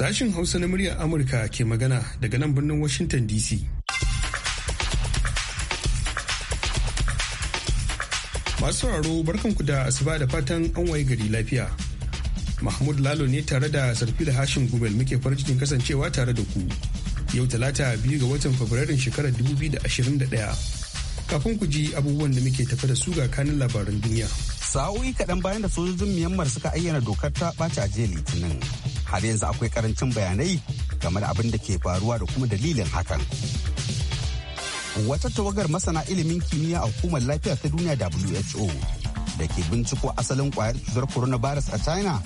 Sashin Hausa na muryar Amurka ke magana daga nan birnin Washington DC. Masu sauraro barkanku da asuba da fatan an waye gari lafiya. Mahmud Lalo ne tare da sarfi da Hashim Gubel muke farin cikin kasancewa tare da ku. Yau talata biyu ga watan Fabrairun shekarar 2021. kafin ku ji abubuwan da muke tafi da su ga kanin labaran duniya. Sa'o'i kaɗan bayan da sojojin Myanmar suka ayyana dokar ta ɓaci a jiya Litinin. har yanzu akwai karancin bayanai game da abin da ke faruwa da kuma dalilin hakan. Wata tawagar masana ilimin kimiyya a hukumar lafiya ta duniya WHO da ke binciko asalin kwayar cutar coronavirus a China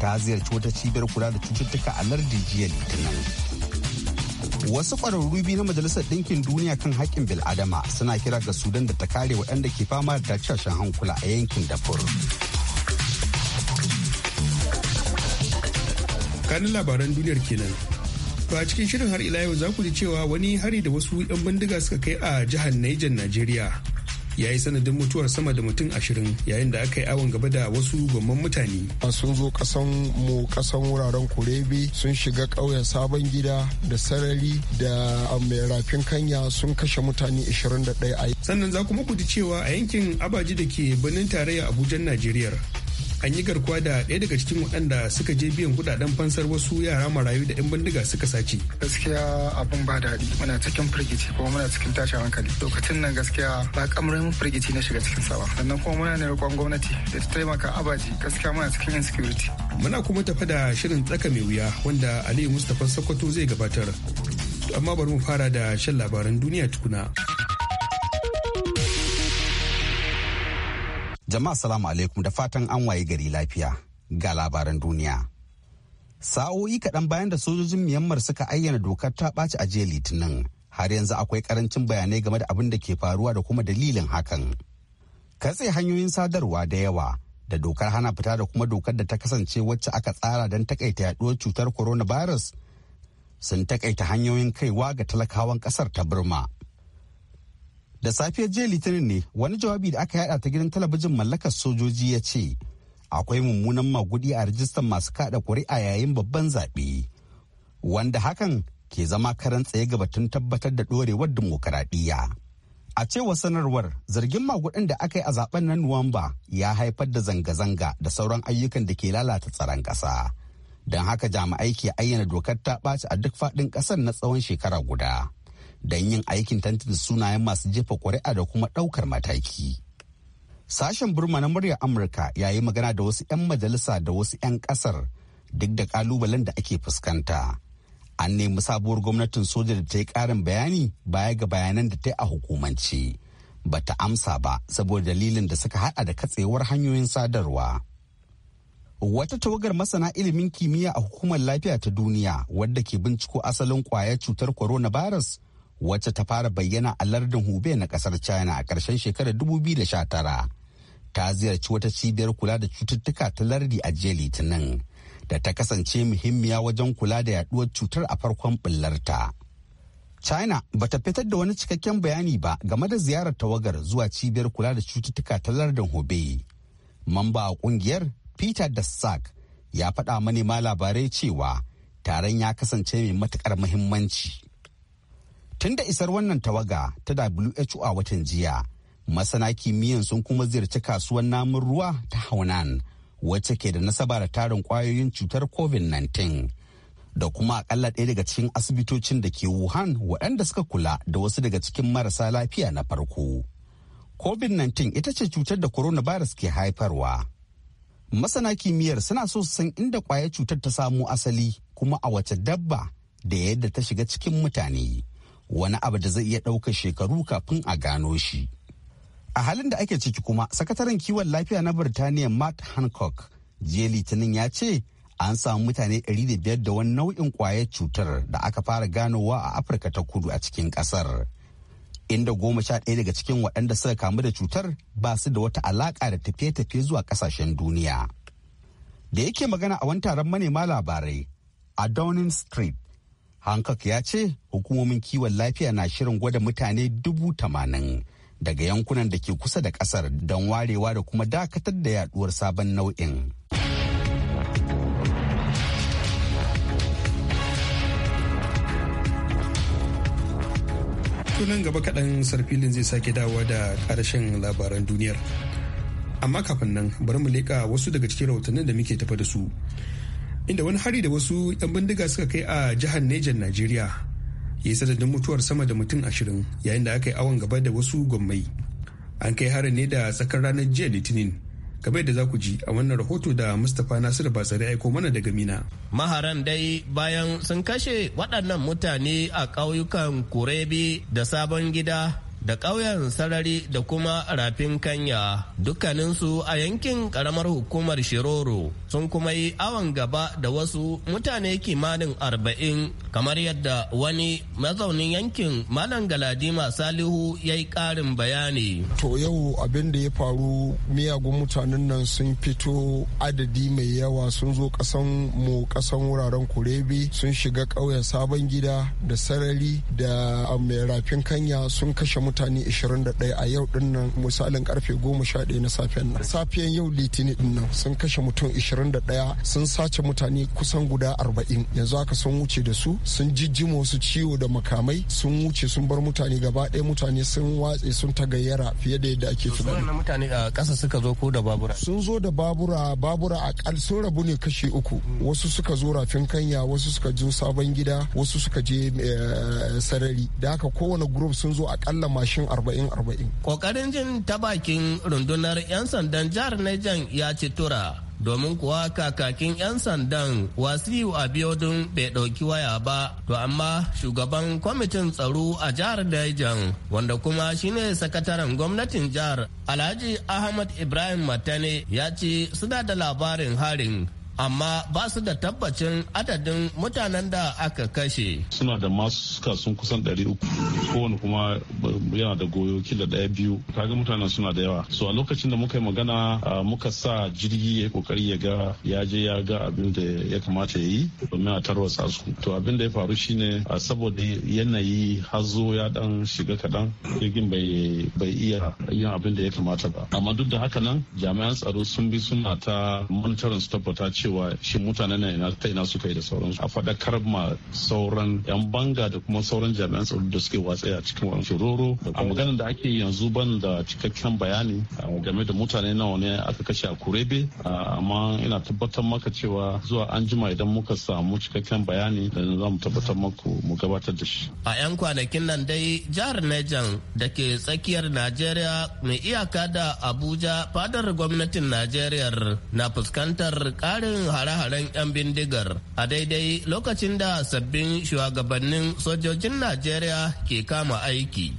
ta ziyarci wata cibiyar kula da cututtuka a lardin jiya litinin. Wasu ƙwararru biyu na Majalisar Ɗinkin Duniya kan haƙƙin bil'adama suna kira ga Sudan da ta kare waɗanda ke fama da tashashen hankula a yankin Darfur. tsakanin labaran duniyar kenan to a cikin shirin har ila yau za ku ji cewa wani hari da wasu 'yan bindiga suka kai a jihar Niger Najeriya ya yi sanadin mutuwar sama da mutum ashirin yayin da aka yi awon gaba da wasu gomman mutane. sun zo kasan mu kasan wuraren kurebe sun shiga ƙauyen sabon gida da sarari da um, mai rafin kanya sun kashe mutane ɗaya a sannan za kuma ku ji cewa a yankin abaji da ke birnin tarayya abuja najeriya an yi garkuwa da ɗaya daga cikin waɗanda suka je biyan kudaden fansar wasu yara marayu da 'yan bindiga suka sace. Gaskiya abin ba daɗi muna cikin firgici kuma muna cikin tashin hankali lokacin nan gaskiya ba kamarin firgici na shiga cikin sa ba sannan kuma muna ne roƙon gwamnati da ta taimaka abaji gaskiya muna cikin insecurity. Muna kuma tafa da shirin tsaka mai wuya wanda Aliyu Mustapha Sokoto zai gabatar. Amma bari mu fara da shan labaran duniya tukuna. Jama'a salamu alaikum da fatan an waye gari lafiya ga labaran duniya. Sa'o'i kaɗan bayan da sojojin Myanmar suka ayyana dokar ta ɓaci a jiya Litinin har yanzu akwai ƙarancin bayanai game da abin da ke faruwa da kuma dalilin hakan. Katse hanyoyin sadarwa da yawa da dokar hana fita da kuma dokar da ta kasance wacce aka tsara don takaita yaɗuwar cutar coronavirus sun takaita hanyoyin kaiwa ga talakawan ƙasar ta Burma. da safiyar jiya litinin ne wani jawabi da aka yada ta gidan talabijin mallakar sojoji ya ce akwai mummunan magudi a rajistar masu kada kuri'a yayin babban zaɓe wanda hakan ke zama karan tsaye gabatun tabbatar da ɗorewar dimokuraɗiyya a cewa sanarwar zargin magudin da aka yi a zaben na nuwamba ya haifar da zanga-zanga da sauran ayyukan da ke lalata tsaron ƙasa don haka jami'ai ke ayyana dokar ta ɓaci a duk faɗin ƙasar na tsawon shekara guda. don yin aikin tantance sunayen masu jefa ƙuri'a da kuma ɗaukar mataki. Sashen Burma na muryar Amurka ya yi magana da wasu 'yan majalisa da wasu 'yan ƙasar duk da ƙalubalen da ake fuskanta. An nemi sabuwar gwamnatin soja da ta yi ƙarin bayani baya ga bayanan da ta yi a hukumance. Ba ta amsa ba saboda dalilin da suka haɗa da katsewar hanyoyin sadarwa. Wata tawagar masana ilimin kimiyya a hukumar lafiya ta duniya wadda ke binciko asalin kwayar cutar coronavirus virus wacce ta fara bayyana a lardin hube na kasar china a ƙarshen shekarar 2019 ta ziyarci wata cibiyar kula da cututtuka ta lardi a jiya litinin da ta kasance muhimmiya wajen kula da yaduwar cutar a farkon bullarta. china ba ta fitar da wani cikakken bayani ba game da ziyarar tawagar zuwa cibiyar kula da cututtuka ta lardin hubei mamba a kungiyar peter dassak ya faɗa manema labarai cewa taron ya kasance mai matuƙar muhimmanci Tun da isar wannan tawaga ta WHO a watan jiya, masana kimiyyan sun kuma ziyarci kasuwar namun ruwa ta Haunan, wacce ke da nasaba da tarin kwayoyin cutar COVID-19. Da kuma akalla ɗaya daga cikin asibitocin da ke Wuhan waɗanda suka kula da wasu daga cikin marasa lafiya na farko. COVID-19 ita ce cutar da coronavirus ke haifarwa. Masana kimiyyar suna so su san inda kwayar cutar ta samu asali kuma a wace dabba da yadda ta shiga cikin mutane. wani abu da zai iya ɗauka shekaru kafin a gano shi. A halin da ake ciki kuma, sakataren kiwon lafiya na Birtaniya Matt Hancock jiya litinin ya ce an samu mutane 500 da wani nau'in kwayar cutar da aka fara ganowa a Afirka ta kudu a cikin ƙasar. Inda goma sha ɗaya daga cikin waɗanda suka kamu da cutar ba su da wata alaƙa da tafiye-tafiye zuwa ƙasashen duniya. Da yake magana a wani taron manema labarai a Downing Street, hankak ya ce hukumomin kiwon lafiya na shirin gwada mutane dubu tamanin daga yankunan da ke kusa da kasar don warewa da kuma dakatar da yaduwar sabon nau'in. Tunan gaba kaɗan sarfilin zai sake dawowa da ƙarshen labaran duniyar. Amma kafin nan bari mu leƙa wasu daga cikin rahotannin da muke tafa da su. inda wani hari da wasu 'yan bindiga suka kai a jihar Nejan Najeriya ya yi sadadin mutuwar sama da mutum ashirin yayin da aka yi awon gaba da wasu gwammai. An kai harin ne da tsakar ranar jiya Litinin kamar yadda za ku ji a wannan rahoto da Mustapha Nasiru Batsari aiko mana daga Mina. Maharan dai bayan sun kashe waɗannan mutane a ƙauyukan Kurebi da Sabon Gida da ƙauyen sarari da kuma rafin kanya dukkaninsu a yankin ƙaramar hukumar shiroro sun kuma yi awon gaba da wasu mutane kimanin arba'in kamar yadda wani mazaunin yankin malam galadima salihu ya yi ƙarin bayani to yau abin da ya faru miyagun mutanen nan sun fito adadi mai yawa sun zo ƙasan mu ƙasan wuraren kurebe sun shiga ƙauyen sabon gida da sarari da um, mai rafin kanya sun kashe mutane mutane 21 a yau din nan misalin karfe 11 na safiyan nan safiyan yau litinin din nan sun kashe mutum 21 sun sace mutane kusan guda 40 yanzu haka sun wuce da su sun jijjimo su ciwo da makamai sun wuce sun bar mutane gaba ɗaya mutane sun watse sun tagayyara fiye da yadda ake tunani mutane a ƙasa suka zo ko da babura sun zo da babura babura a akal sun rabu ne kashi uku hmm. wasu suka zo rafin kanya wasu suka zo sabon gida wasu suka je eh, sarari da haka kowane group sun zo akalla ma mashin 40-40. Kokarin jin ta bakin rundunar 'yan sandan jihar Niger ya ci tura. domin kuwa kakakin 'yan sandan wasiu biyodun bai ɗauki waya ba to amma shugaban kwamitin tsaro a jihar Daijan wanda kuma shine sakataren gwamnatin jihar alhaji ahmad ibrahim matane ya ce suna da labarin harin amma ba su da tabbacin adadin mutanen da aka kashe. Suna da masu suka sun kusan 300 kowane kuma yana da goyo kila daya biyu kaga mutanen suna da yawa. So a lokacin da muka yi magana muka sa jirgi ya kokari ya ga ya je ya ga abin da ya kamata ya yi domin a tarwatsa su. To abin da ya faru shine saboda yanayi hazo ya dan shiga kadan jirgin bai iya yin abin da ya kamata ba. Amma duk da haka nan jami'an tsaro sun bi suna ta monitorin su tabbata cewa shi mutanen nan ina ta ina suka yi da sauransu a faɗakar ma sauran yan banga da kuma sauran jami'an tsaro da suke watsa a cikin wani shiroro a magana da ake yanzu ban da cikakken bayani game da mutane nawa ne aka kashe a kurebe amma ina tabbatar maka cewa zuwa an idan muka samu cikakken bayani da za mu tabbatar maku mu gabatar da shi a 'yan kwanakin nan dai jihar Nejan da ke tsakiyar Najeriya mai iyaka da Abuja fadar gwamnatin Najeriya na fuskantar kare hare-haren 'yan bindigar a daidai lokacin da sabbin shugabannin sojojin Najeriya ke kama aiki.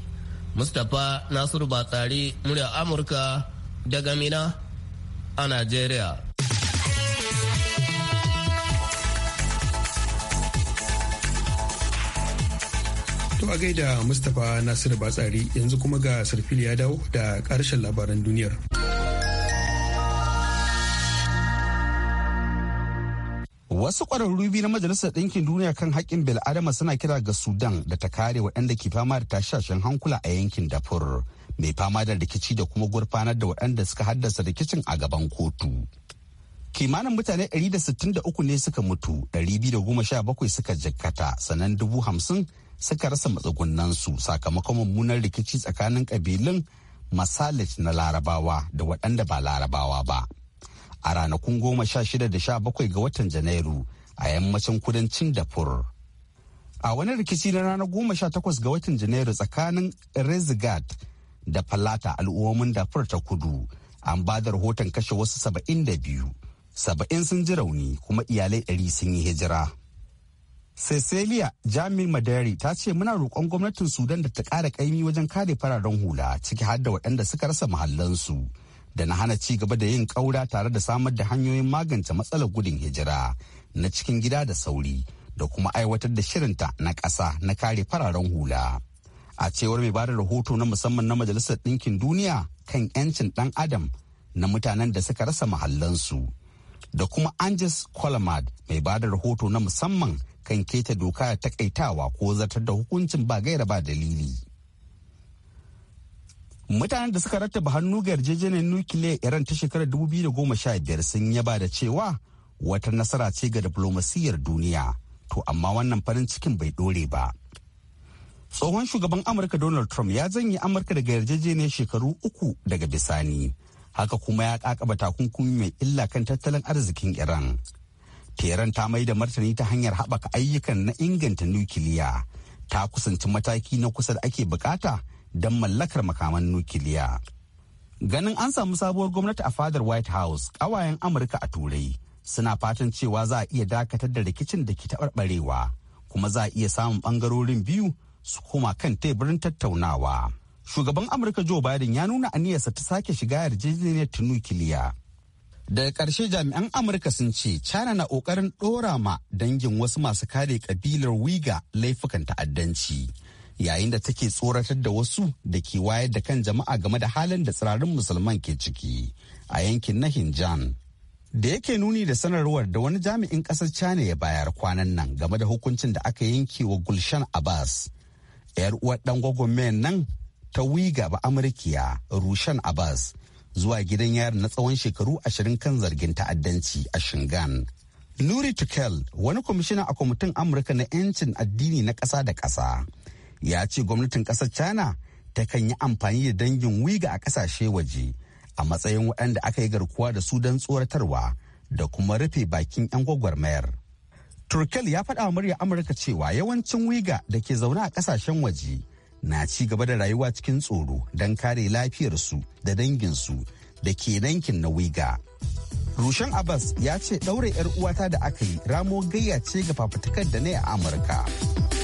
Mustapha Nasiru Batsari murya Amurka daga Mina a Najeriya. To a gaida Mustapha Nasiru Batsari yanzu kuma ga Sarfili ya dawo da ƙarshen labaran duniyar. Wasu ƙwararru biyu na Majalisar Ɗinkin Duniya kan haƙƙin bil'adama suna kira ga Sudan da ta kare waɗanda ke fama da tashashen hankula a yankin dafur mai fama da rikici da kuma gurfanar da waɗanda suka haddasa rikicin a gaban kotu. Kimanin mutane 163 ne suka mutu, 217 suka jikkata, sannan 50,000 suka rasa matsugunansu sakamakon mummunan rikici tsakanin ƙabilun Masalit na Larabawa da waɗanda ba Larabawa ba. a ranakun goma sha shida da sha bakwai ga watan janairu a yammacin kudancin dafur a wani rikici na ranar goma sha takwas ga watan janairu tsakanin rezigat da falata al'ummomin dafur ta kudu an ba da rahoton kashe wasu saba'in da biyu saba'in sun ji rauni kuma iyalai ɗari sun yi hijira cecilia jami madari ta ce muna roƙon gwamnatin sudan da ta ƙara ƙaimi wajen kare fararen hula ciki har da waɗanda suka rasa muhallansu. da na hana ci gaba da yin ƙaura tare da samar da hanyoyin magance matsalar gudun hijira na cikin gida da sauri da kuma aiwatar da shirinta na ƙasa na kare fararen hula. A cewar mai bada rahoto na musamman na Majalisar Ɗinkin Duniya kan 'yancin ɗan adam na mutanen da suka rasa mahallansu. Da kuma Angus Colomad mai bada rahoto na musamman kan keta doka takaitawa ko zartar da hukuncin ba gaira ba dalili. mutanen da suka rattaba hannu ga yarjejeniyar nukiliya iran ta shekarar 2015 sun yaba da cewa wata nasara ce ga diflomasiyyar duniya to amma wannan farin cikin bai dore ba tsohon shugaban amurka donald trump ya janye amurka daga yarjejeniyar shekaru uku daga bisani haka kuma ya kakaba takunkumi mai illa kan tattalin arzikin iran teran ta mai da martani ta hanyar haɓaka ayyukan na inganta nukiliya ta kusanci mataki na kusa da ake bukata don mallakar makaman nukiliya. Ganin an samu sabuwar gwamnati a fadar White House, ƙawayen Amurka a Turai suna fatan cewa za a iya dakatar da rikicin da ke taɓarɓarewa, kuma za a iya samun ɓangarorin biyu su koma kan teburin tattaunawa. Shugaban Amurka Joe Biden ya nuna aniyarsa ta sake shiga yarjejeniyar ta nukiliya. Daga ƙarshe jami'an Amurka sun ce China na ƙoƙarin ɗora ma dangin wasu masu kare ƙabilar Wiga laifukan ta'addanci. yayin da take tsoratar da wasu da ke wayar da kan jama'a game da halin da tsirarin musulman ke ciki a yankin na Hinjan. Da yake nuni da sanarwar da wani jami'in ƙasar China ya bayar kwanan nan game da hukuncin da aka yanke wa Gulshan Abbas. 'Yar uwar ɗan gwagwarmayar nan ta wiga ba Amurkiya Rushan Abbas zuwa gidan yari na tsawon shekaru ashirin kan zargin ta'addanci a Shingan. Nuri Tukel wani kwamishina a kwamitin Amurka na 'yancin addini na ƙasa da ƙasa. ya ce gwamnatin ƙasar china kan yi amfani da dangin wiga a ƙasashe waje a matsayin waɗanda aka yi garkuwa da su don tsoratarwa da kuma rufe bakin 'yan gwagwarmayar. turkel ya faɗa wa murya amurka cewa yawancin wiga da ke zaune a ƙasashen waje na ci gaba da rayuwa cikin tsoro don kare lafiyarsu da danginsu da ke nankin na wiga. Rushen Abbas ya ce ɗaure 'yar uwata da aka yi ramo gayya ce ga fafutukar da na a Amurka.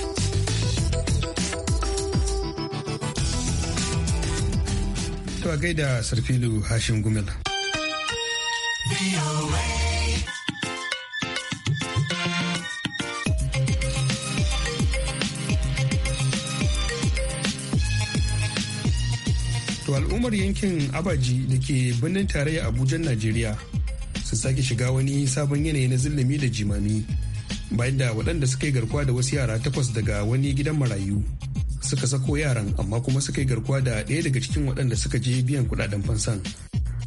To a gaida Sarfilu Hashim Gumel. To al'ummar yankin Abaji da ke birnin tarayya abujan Najeriya su sake shiga wani sabon yanayi na zillumi da jimami bayan da waɗanda suka yi garkuwa da wasu yara takwas daga wani gidan marayu suka sako yaran amma kuma suka yi garkuwa da ɗaya daga cikin waɗanda suka je biyan kuɗaɗen fansan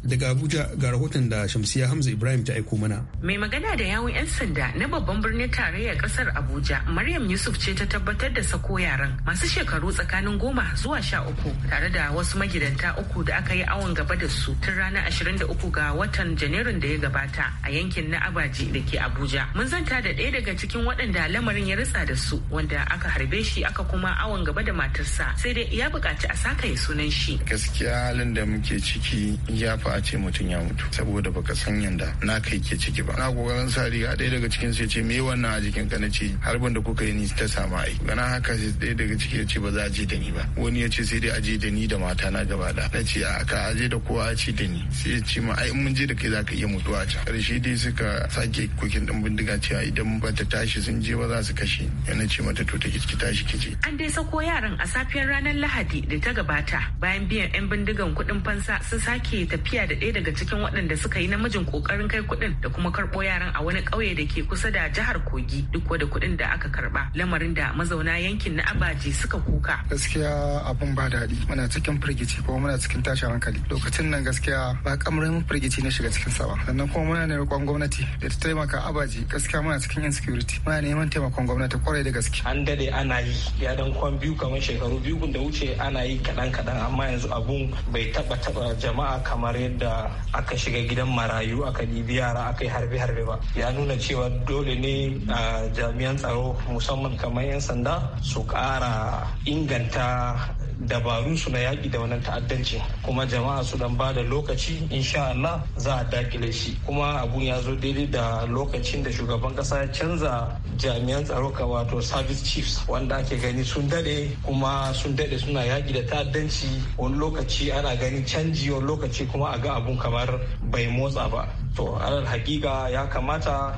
Daga Abuja ga rahoton da Shamsiya Hamza Ibrahim ta aiko mana. Mai magana da yawun 'yan sanda na babban birnin tarayyar kasar Abuja, Maryam Yusuf ce ta tabbatar da sako yaran masu shekaru tsakanin goma zuwa sha uku tare da wasu magidanta uku da aka yi awon gaba da su tun ranar ashirin da uku ga watan Janairun da ya gabata a yankin na Abaji da ke Abuja. Mun zanta da ɗaya daga cikin waɗanda lamarin ya ritsa da su wanda aka harbe shi aka kuma awon gaba da matarsa sai dai ya buƙaci a sakaye sunan shi. Gaskiya halin da muke ciki ya fa a ce mutum ya mutu saboda baka san yanda na kai ke ciki ba na kokarin sa riga ɗaya daga cikin sai ya ce me wannan a jikin ka na ce harbin da kuka yi ni ta samu ai gana haka sai ɗaya daga ciki ya ce ba za a je da ni ba wani ya ce sai dai a je da ni da mata na gaba da na ce a ka aje da kowa a ce da ni sai ya ce ma ai mun je da kai za ka iya mutuwa a can ƙarshe dai suka sake kokin ɗin bindiga cewa idan ba ta tashi sun je ba za su kashe na ce mata to ta ki tashi je. an dai sako yaran a safiyar ranar lahadi da ta gabata bayan biyan 'yan bindigan kuɗin fansa sun sake tafiya da ɗaya daga cikin waɗanda suka yi namijin ƙoƙarin kai kuɗin da kuma karɓo yaran a wani ƙauye da ke kusa da jihar Kogi duk da kuɗin da aka karɓa lamarin da mazauna yankin na Abaji suka kuka. Gaskiya abun ba daɗi muna cikin firgici kuma muna cikin tashin hankali lokacin nan gaskiya ba kamarin firgici na shiga cikin sa sannan kuma muna ne roƙon gwamnati da ta taimaka Abaji gaskiya muna cikin insecurity muna neman taimakon gwamnati kwarai da gaske. An dade ana yi ya dan kwan biyu kamar shekaru biyu da wuce ana yi kaɗan-kaɗan amma yanzu abun bai taɓa taɓa jama'a kamar yadda aka shiga gidan marayu aka ɗibi yara aka yi harbe-harbe ba ya nuna cewa dole ne a jami'an tsaro musamman kamar 'yan sanda su ƙara inganta dabarun su na yaƙi da wannan ta'addanci kuma jama'a su dan ba da lokaci insha Allah za a dakile shi kuma abun ya zo daidai da lokacin da shugaban kasa ya canza jami'an tsaro ka wato service chiefs wanda ake gani sun dade kuma sun dade suna yaƙi da ta'addanci wani lokaci ana ganin canji wani lokaci kuma a ga abun kamar bai motsa ba to alal hakika ya kamata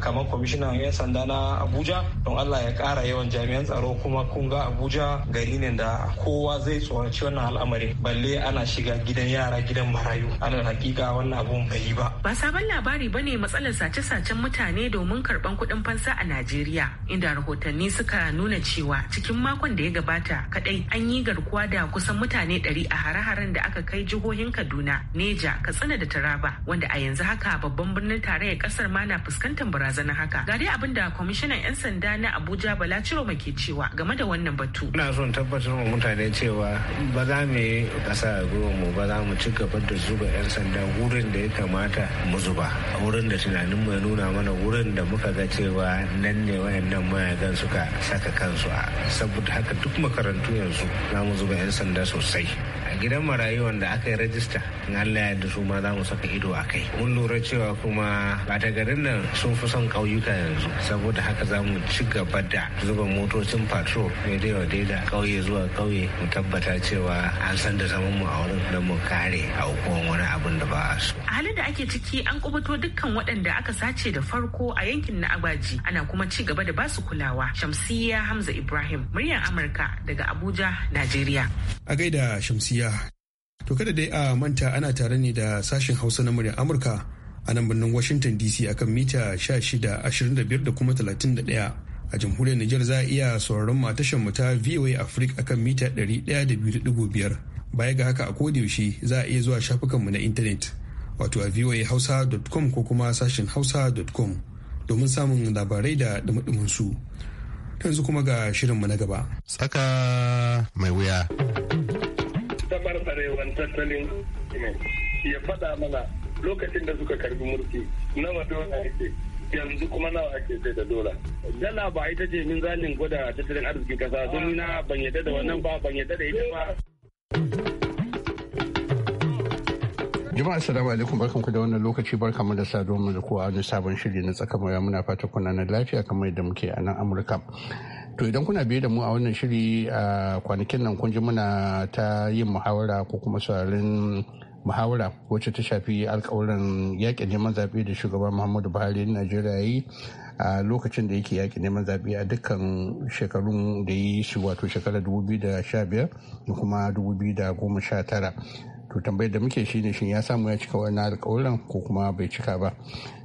kamar kwamishinan 'yan sanda na abuja don allah ya kara yawan jami'an tsaro kuma kun ga abuja gari ne da kowa zai tsoraci wannan al'amari balle ana shiga gidan yara gidan marayu alal hakika wannan abun bai yi ba ba sabon labari bane matsalar sace-sacen mutane domin karban kuɗin fansa a najeriya inda rahotanni suka nuna cewa cikin makon da ya gabata kadai an yi garkuwa da kusan mutane ɗari a hare-haren da aka kai jihohin kaduna neja katsina da taraba wanda a yanzu haka babban birnin tarayyar kasar ma na fuskantar barazanar haka ga dai abin da kwamishinan 'yan sanda na abuja bala ciroma ke cewa game da wannan batu ina son tabbatar wa mutane cewa ba za mu yi kasa a mu ba za mu ci gaba da zuba 'yan sanda wurin da ya kamata mu zuba wurin da tunanin mu ya nuna mana wurin da muka ga cewa nan ne wayannan mayagan suka saka kansu a saboda haka duk makarantu yanzu za mu zuba 'yan sanda sosai gidan marayu wanda aka yi rajista in allah ya da su ma za mu saka ido a kai mun lura cewa kuma ba ta garin nan sun fi son ƙauyuka yanzu saboda haka za mu ci gaba da zuba motocin patrol daidai da daida ƙauye zuwa ƙauye mu tabbata cewa an san da zaman mu a wurin don mu kare a hukumar wani abun da ba a so. a halin da ake ciki an kubuto dukkan waɗanda aka sace da farko a yankin na agbaji ana kuma ci gaba da basu kulawa shamsiya hamza ibrahim muryar amurka daga abuja najeriya a gaida shamsiya To kada dai a manta ana tare ne da sashen Hausa na muryar Amurka a nan birnin Washington DC akan mita 1625 da kuma 31. A jamhuriyar Nijar za a iya sauraron mu a tashar mu ta VOA Africa akan mita 100.5 Baya ga haka a yaushe za a iya zuwa shafukan mu na intanet wato a voahausa.com ko kuma sashen hausa.com domin samun labarai da dumudumin su. Yanzu kuma ga shirin mu na gaba. Tsaka mai wuya. taɓarɓarewan tattalin ya faɗa mana lokacin da suka karbi mulki nawa dola ake yanzu kuma nawa ake sai da dola dala ba ita ce min zalin gwada tattalin arziki kasa don na ban yadda da wannan ba ban yadda da ita ba Jama'a assalamu alaikum ku da wannan lokaci mu da saduwa mu da kowa wani sabon shiri na tsaka mawaya muna fata kuna na lafiya kamar yadda muke a nan Amurka. To idan kuna biye da mu a wannan shiri a kwanakin nan kun ji muna ta yin muhawara ko kuma sauraron muhawara wacce ta shafi alkawuran yakin neman zaɓe da shugaban Muhammadu Buhari na Najeriya yi a lokacin da yake yakin neman zaɓe a dukkan shekarun da yi su wato shekarar 2015 da kuma 2019 to tambayar da muke shine shin ya samu ya cika wannan alkawarin ko kuma bai cika ba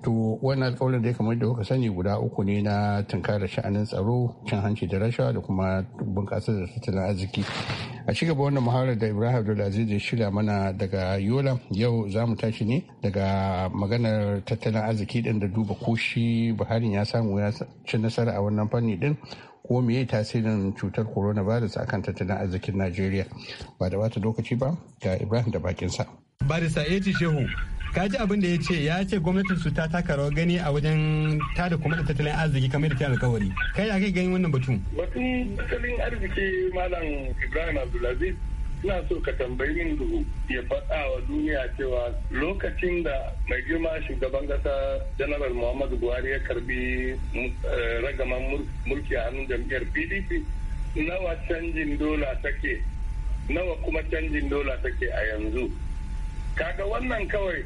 to wannan alkawarin da kamar da kuka sani guda uku ne na tunkara sha'anin tsaro cin hanci da rashawa da kuma bunƙasar da tattalin arziki a ci gaba wannan muhawarar da ibrahim aziz da shirya mana daga yola yau za mu tashi ne daga maganar tattalin arziki din da duba ko shi buhari ya samu ya ci nasara a wannan fanni din ko meye tasirin cutar coronavirus akan tattalin arzikin najeriya ba da bata lokaci ba ga ibrahim da bakinsa barista eji shehu ka ji abin da ya ce ya ce gwamnatin su ta taka rawar gani a wajen tada kuma da tattalin arziki kamar da ta alkawari kai ya kai gani wannan batun batun tattalin arziki malam ibrahim abdulaziz ina so ka tambayi min duhu ya faɗa wa duniya cewa lokacin da mai girma shugaban ƙasa janaral muhammadu buhari ya karbi eh, ragaman mulki a hannun jam'iyyar pdp nawa canjin dola take nawa kuma canjin dola take a yanzu kaga wannan kawai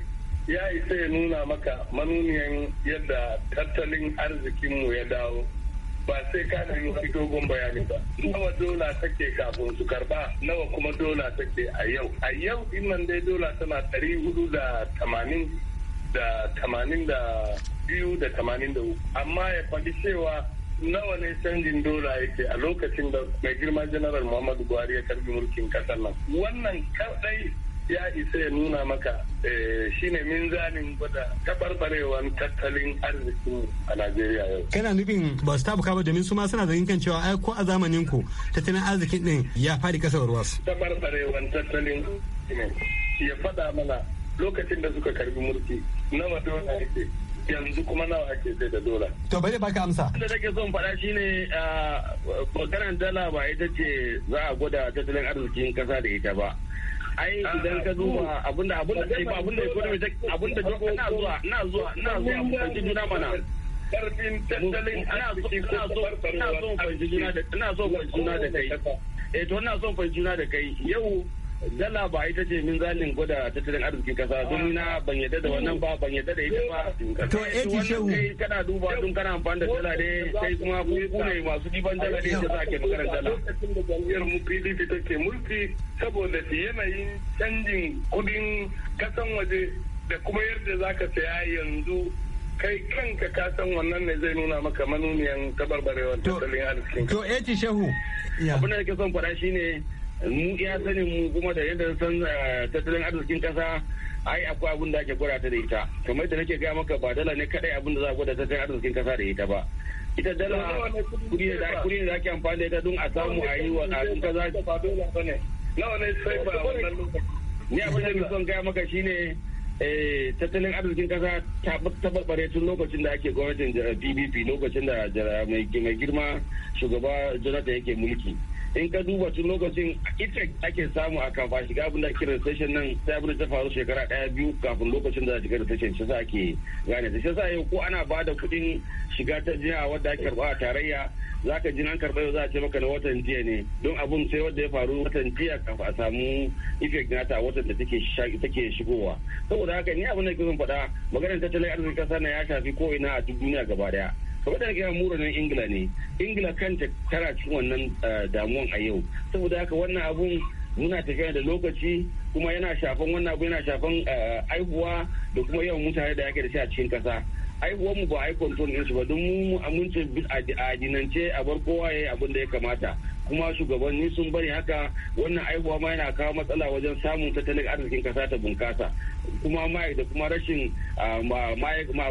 ya isa ya nuna maka manuniyan yadda tattalin arzikinmu ya dawo ba sai ka nemi wani dogon bayani ba nawa dola take kafin su karba nawa kuma dola take a yau a yau nan dai dola tana ɗari hudu da tamanin da tamanin da biyu da tamanin da uku amma ya faɗi cewa nawa ne canjin dola yake a lokacin da mai girma janaral muhammadu buhari ya karbi mulkin kasar nan wannan kaɗai ya isa ya nuna maka eh, shine minzanin gwada kabarbarewan tattalin arzikin a Najeriya yau. Kana nufin ba su tabuka ba domin su ma suna zargin kan cewa ai ko a zamanin ku tattalin arzikin din ya faɗi ƙasar su. kabarbarewan tattalin ya faɗa mana lokacin da suka karbi mulki nawa dola yake yanzu kuma nawa ake sai da dola. To bai baka amsa. Wanda take son faɗa shine ah, maganar dala ba ita ce za a gwada tattalin arzikin ƙasa da ita ba. ai idan ka duba abinda abinda ba abinda economy ta abinda na zuwa na zuwa na zuwa mu kanci juna mana karfin tattalin arziki ko farfarwa ina so ina so juna da kai eh to ina so fahimci juna da kai yau dala ba ita ce min zalin gwada tattalin arzikin kasa domin na ban yadda da wannan ba ban yadda da ita ba to eti shehu kai kana duba don kana amfani da dala ne sai kuma ku ne masu diban dala ne da zake magana dala lokacin da jam'iyyar mu PDP take mulki saboda yanayin canjin kudin kasan waje da kuma yadda zaka saya yanzu kai kanka ka san wannan ne zai nuna maka manuniyan tabarbarewar tattalin arzikin to eti shehu abin da nake son faɗa shine mu iya sanin mu kuma da yadda san eh, tattalin arzikin kasa ai akwai abin da ake gwada ta da ita kamar da nake gaya maka ba dala ne kadai abin da za a gwada tattalin arzikin kasa da ita ba ita dala kudi da kudi da ake amfani da ita don a samu a yi wa kasun kaza nawa ne sai ba wannan lokaci ni abin da ni son gaya maka shine eh, tattalin arzikin kasa ta tabbare tun lokacin da ake gwamnatin pdp eh, lokacin da mai girma shugaba jonathan yake mulki in ka duba tun lokacin ita ake samu a kafa shiga abin da ake recession nan sai abin da ta faru shekara daya biyu kafin lokacin da shiga recession shi sa ake gane ta shi sa yau ko ana ba da kuɗin shiga ta jiya wadda ake karɓa a tarayya za ka ji nan karɓa za a ce maka na watan jiya ne don abin sai wadda ya faru watan jiya kafin a samu effect nata watan da take shigowa saboda haka ni abin da ke zan faɗa maganar tattalin arzikin ƙasa na ya shafi ko ina a duk duniya gaba daya kamar da mura muranin ingila ne ingila kanta tana cikin wannan eh, damuwan a yau saboda haka wannan abun muna tafiya da lokaci kuma yana shafan wannan abu yana shafan eh, aihuwa da kuma yawan mutane da yake da shi a cikin kasa aihuwar mu ba a yi control din ba don mu amince a dinance a bar kowa ya yi abin da ya kamata kuma shugabanni sun bari haka wannan aihuwa ma yana kawo matsala wajen samun tattalin arzikin kasa ta bunkasa kuma da kuma rashin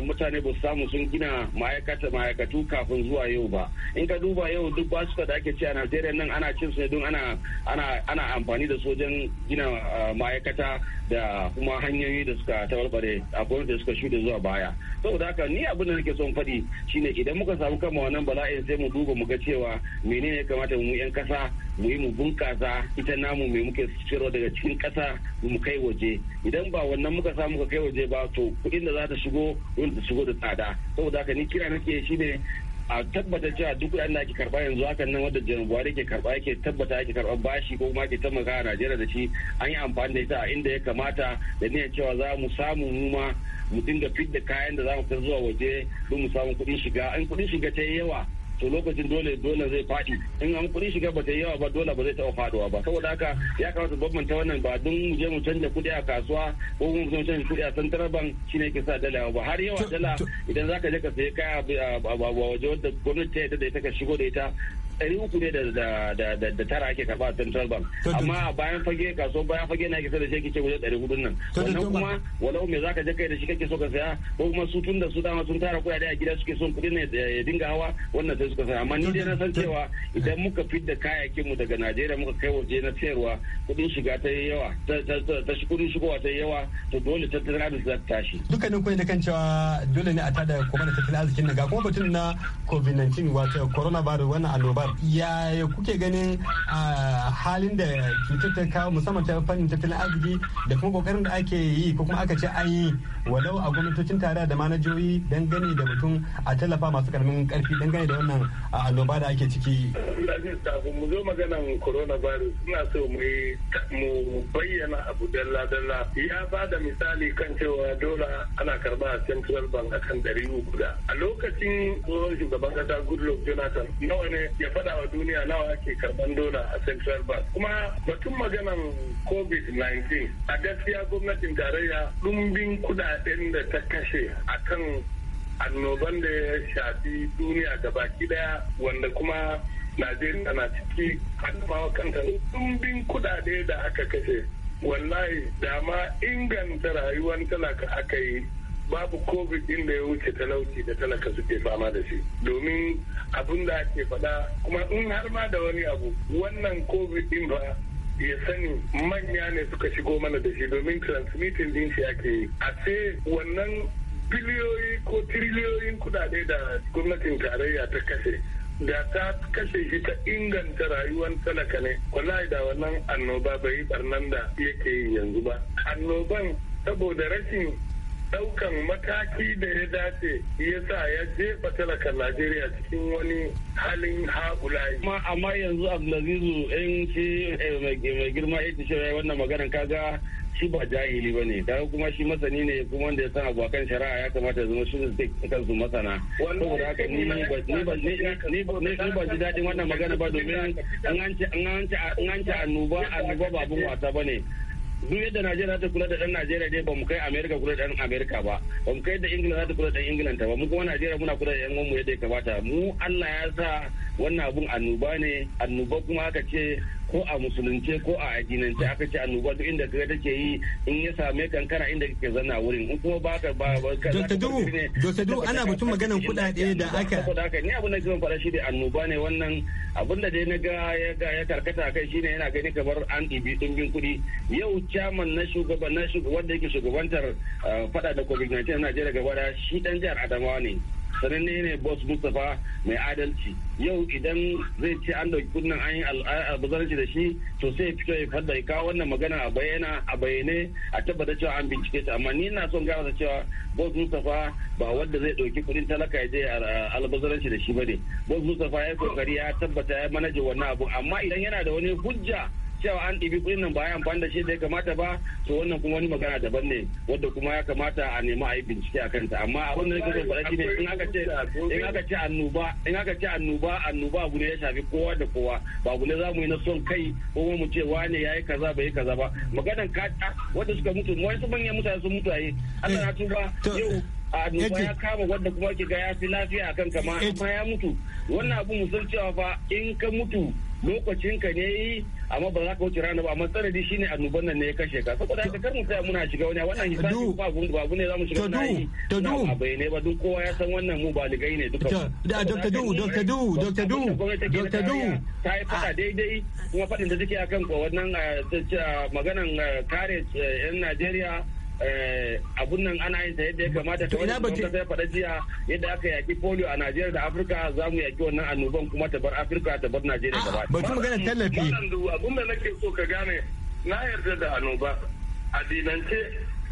mutane ba su samu sun gina ma'aikatu kafin zuwa yau ba in ka duba yau duk ba su da ake ci a najeriya nan ana cin su don ana amfani da su wajen gina ma'aikata da kuma hanyoyi da suka tabarbare a da suka shuɗe zuwa baya saboda haka ni abin da nake son faɗi shine idan muka samu kama wannan bala'in sai mu duba mu ga cewa menene ya kamata mu 'yan kasa mu yi mu bunkasa ita namu mai muke ciro daga cikin kasa mu kai waje idan ba wannan muka samu ka kai waje ba to kuɗin da za ta shigo wanda ta shigo da tsada saboda haka ni kira nake shi ne a tabbata cewa duk wanda da ake karba yanzu hakan nan wanda jan buhari ke karba yake tabbata ake karba bashi ko kuma ake taimaka a najeriya da shi an yi amfani da ita a inda ya kamata da niyyar cewa za mu samu mu ma mu dinga da kayan da za mu kai zuwa waje don mu samu kuɗin shiga in kuɗin shiga ta yawa to lokacin dole dole zai faɗi in an kuɗi shiga ba ta yawa ba dole ba zai taɓa faɗuwa ba saboda haka ya kamata bambanta wannan ba don mu je mu canja kuɗi a kasuwa ko kuma mu canja kuɗi a santar bank shine ke sa dala ba har yawa dala idan zaka je ka sayi kaya a waje wadda gwamnati ta yadda da ita ka shigo da ita ɗari uku ne da tara ake karɓa a central bank amma bayan fage kaso bayan fage na ake sai da shi ake ce wajen ɗari hudun nan wannan kuma walau me zaka je kai da shi kake so ka saya ko kuma su tun da su dama sun tara kuɗaɗe a gida suke son kuɗi ne eh, ya dinga hawa wannan sai suka saya amma ni dai na san cewa idan muka fidda kayayyakin mu daga Najeriya muka kai waje na sayarwa kuɗin shiga ta yawa ta kuɗin shigowa ta yawa to dole tattalin arziki za ta tashi dukkanin kuɗi da kan cewa dole ne a tada kuma da tattalin arzikin na ga kuma batun na covid-19 wato coronavirus wannan annoba yaya ya kuke ganin a halin da cutar ta kawo musamman ta fannin tattalin arziki da kuma kokarin da ake yi ko kuma aka ce an yi walau a gwamnatocin tare da manajoyi dangane da mutum a tallafa masu karamin karfi dangane da wannan annoba da ake ciki. Kafin mu zo maganan coronavirus ina so mu bayyana abu dalla-dalla ya ba da misali kan cewa dola ana karba a central bank akan ɗari uku da a lokacin tsohon shugaban kasa goodluck jonathan nawa ne ya faɗa wa duniya nawa ake karɓan dola a central bank kuma batun maganan covid-19 a gaskiya gwamnatin tarayya ɗumbin kudaden da ta kashe kan annoban da ya shafi duniya baki daya wanda kuma najeriya na ciki hannumawa kanta ɗumbin kudade da aka kashe wallahi dama inganta rayuwar talaka aka yi babu covid din da ya wuce talauci da talaka suke fama da shi domin abin da ake faɗa kuma in har ma da wani abu wannan covid din ba ya sani manya ne suka shigo mana da shi domin transmitting din shi ake yi a ce wannan biliyoyi ko tiriliyoyin kudade da gwamnatin tarayya ta kashe da ta kashe shi ta inganta rayuwar talaka ne wallahi da wannan annoba bai yi barnan da yake yi yanzu ba annoban saboda rashin daukan mataki da ya dace ya sa ya jefa talakan najeriya cikin wani halin haƙulayi. amma yanzu abdulazizu yan shi eh, mai girma ya ce shirya wannan maganar kaga shi ba jahili ba ne da kuma shi masani ne kuma wanda ya san abu kan shari'a ya kamata ya zama shi da kansu masana saboda haka ni ba ji daɗin wannan magana ba domin an ci annoba annoba ba abin wasa ba ne duk yadda najeriya ta kula da dan najeriya dai ba mu kai america kula da dan america ba ba mu kai da ingila za ta kula da dan england ta ba mu kuma najeriya muna kula da yan uwanmu yadda ya kamata mu allah ya sa wannan abun annoba ne annoba kuma aka ce ko a musulunce ko a addinance aka ce annoba duk inda kaga take yi in ya same kankara inda kake zanna wurin in kuma baka ba ka Dr. Dubu ta Dubu ana batun maganan kuɗaɗe da aka saboda haka ni abun da zan fara shi da annoba ne wannan abun da dai na ga ya ga ya karkata kai shine yana gani kamar an dibi dingin kuɗi yau chairman na shugaban na shugaban wanda yake shugabantar eh, fada da COVID-19 a Najeriya gaba da shi dan jihar Adamawa ne sananne ne boss mustapha mai adalci yau idan zai ce an dauki kunnan an yi albazarci da shi to sai ya fito ya fadda ya kawo wannan magana a bayyana a bayyane a tabbata cewa an bincike ta amma ni na son gawa cewa boss mustapha ba wanda zai dauki kudin talaka ya je albazarci da shi bane boss mustapha ya kokari ya tabbata ya manaje wannan abu amma idan yana da wani hujja cewa an ɗibi kuɗin nan ba ya amfani da shi da ya kamata ba to wannan kuma wani magana daban ne wadda kuma ya kamata a nemi a yi bincike a kanta amma abin da nake faɗa shi ne in aka ce in aka ce annoba in aka ce annoba annoba abu ne ya shafi kowa da kowa ba abu ne za mu yi na son kai ko mu ce wane ya yi kaza bai yi kaza ba maganan kata wadda suka mutu wani wasu manyan mutane sun mutu a yi Allah na tuba yau a ya kama wadda kuma ke ga ya fi lafiya akan kama amma ya mutu wannan abu mu san cewa fa in ka mutu lokacin ka ne yi amma ba za ka wuce rana ba amma sanadi shine annoban nan ne ya kashe ka saboda haka kar mu tsaya muna shiga wani wannan hisabi ba gun ba ne za mu shiga wani yi du ba ne ba duk kowa ya san wannan mu ba ligai ne duka da Dr. Du Dr. Du Dr. Du Dr. Du ta yi fada ah. daidai kuma fadin da take akan ko wannan ah, ah, maganan kare eh, yan Najeriya Eh, abun nan ana yin ta yadda ya kamata ta wani kuma sai faɗa jiya yadda aka yaki polio a Najeriya da Afirka za mu yaki wannan annoban kuma ta bar Afirka ta bar Najeriya gaba. Batun magana tallafi. Abun da nake so ka gane na yarda da annoba a dinance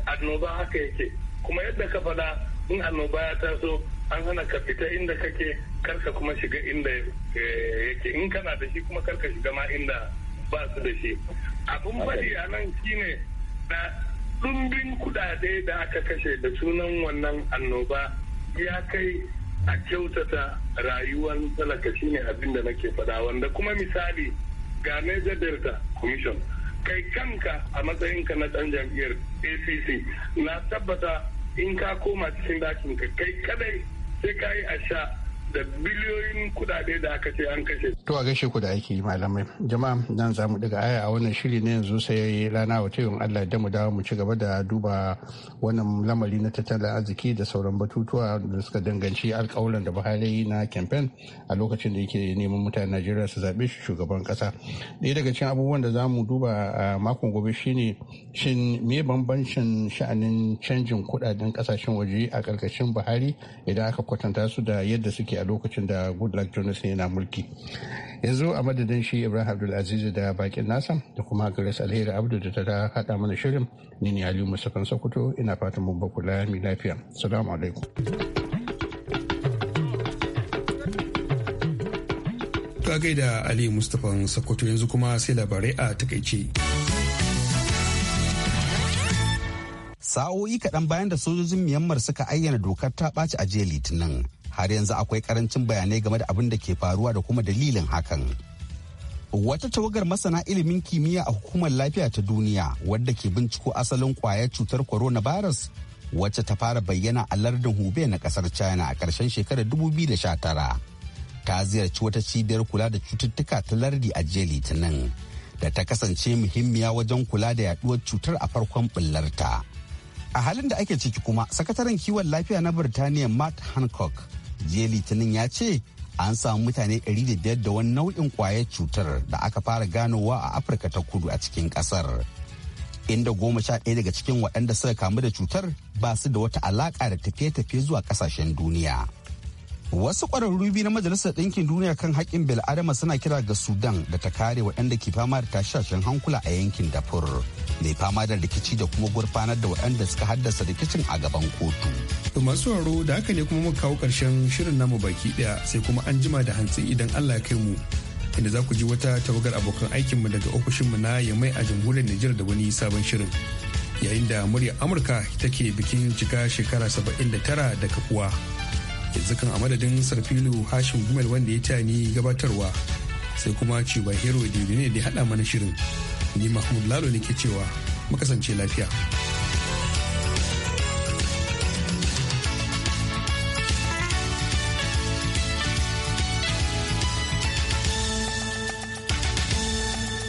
annoba haka yake kuma yadda ka faɗa in annoba ya taso an hana ka fita inda kake karka kuma shiga inda eh, yake in kana da shi kuma karka shiga ma inda ba su da shi abun bari a nan shine ɗumbin kuɗaɗe da aka kashe da sunan wannan annoba ya kai a kyautata rayuwar talaka shine abin da nake faɗa wanda kuma misali ga Niger Delta Commission kai kanka a matsayinka na ɗan jam'iyyar ACC na tabbata in ka koma cikin dakin ka kai kadai sai ka yi a sha da biliyoyin kuɗaɗe da aka ce an kashe To a gaishe ku da aiki malamai. Jama'a nan za mu daga aya a wannan shiri ne yanzu sai rana wa tayin Allah da mu dawo mu ci gaba da duba wannan lamari na tattalin arziki da sauran batutuwa da suka danganci alkawalan da Buhari na campaign a lokacin da yake neman mutanen Najeriya su zaɓe shi shugaban ƙasa. Ɗaya daga cikin abubuwan da za mu duba a makon gobe shine shin me bambancin sha'anin canjin kuɗaɗen ƙasashen waje a ƙarƙashin Buhari idan aka kwatanta su da yadda suke a lokacin da Goodluck Jonathan yana mulki. yanzu a madadin shi ibrahim abdulaziz da bakin nasa da kuma garis alheri abdu da ta haɗa mana shirin ni ne aliyu musakan sokoto ina fatan mun baku lami lafiya salamu alaikum ka gaida ali mustapha sokoto yanzu kuma sai labarai a takaice sa'o'i kaɗan bayan da sojojin myanmar suka ayyana dokar ta ɓaci a jiya litinin har yanzu akwai karancin bayanai game da abin da ke faruwa da kuma dalilin hakan. Wata tawagar masana ilimin kimiyya a hukumar lafiya ta duniya wadda ke binciko asalin kwayar cutar coronavirus wacce ta fara bayyana a lardin hube na kasar China a karshen shekarar 2019 ta ziyarci wata cibiyar kula da cututtuka ta lardi a jiya litinin da ta kasance muhimmiya wajen kula da yaduwar cutar a farkon bullarta. A halin da ake ciki kuma, sakataren kiwon lafiya na Birtaniya Matt Hancock jiya litinin ya ce an samu mutane 500 da wani nau'in kwayar cutar da aka fara ganowa a afirka ta kudu a cikin kasar inda goma sha ɗaya daga cikin waɗanda suka kamu da cutar ba su da wata alaƙa da tafiye-tafiye zuwa ƙasashen duniya. wasu ƙwararru biyu na majalisar ɗinkin duniya kan haƙƙin bil'adama suna kira ga sudan da ta kare waɗanda ke fama da tashashen hankula a yankin dafur mai fama da rikici da kuma gurfanar da waɗanda suka haddasa rikicin a gaban kotu masu horo da haka ne kuma muka kawo ƙarshen shirin namu baki ɗaya sai kuma an jima da hantsi idan allah ya kai mu inda za ku ji wata tawagar abokan aikinmu daga ofishinmu na yamai a jamhuriyar nijar da wani sabon shirin yayin da muryar amurka take bikin cika shekara 79 da kafuwa. yanzu kan a madadin sarfilu hashim gumel wanda ya tani gabatarwa sai kuma cuba hero ne da ya haɗa mana shirin ni mahmud lalo ne ke cewa makasance lafiya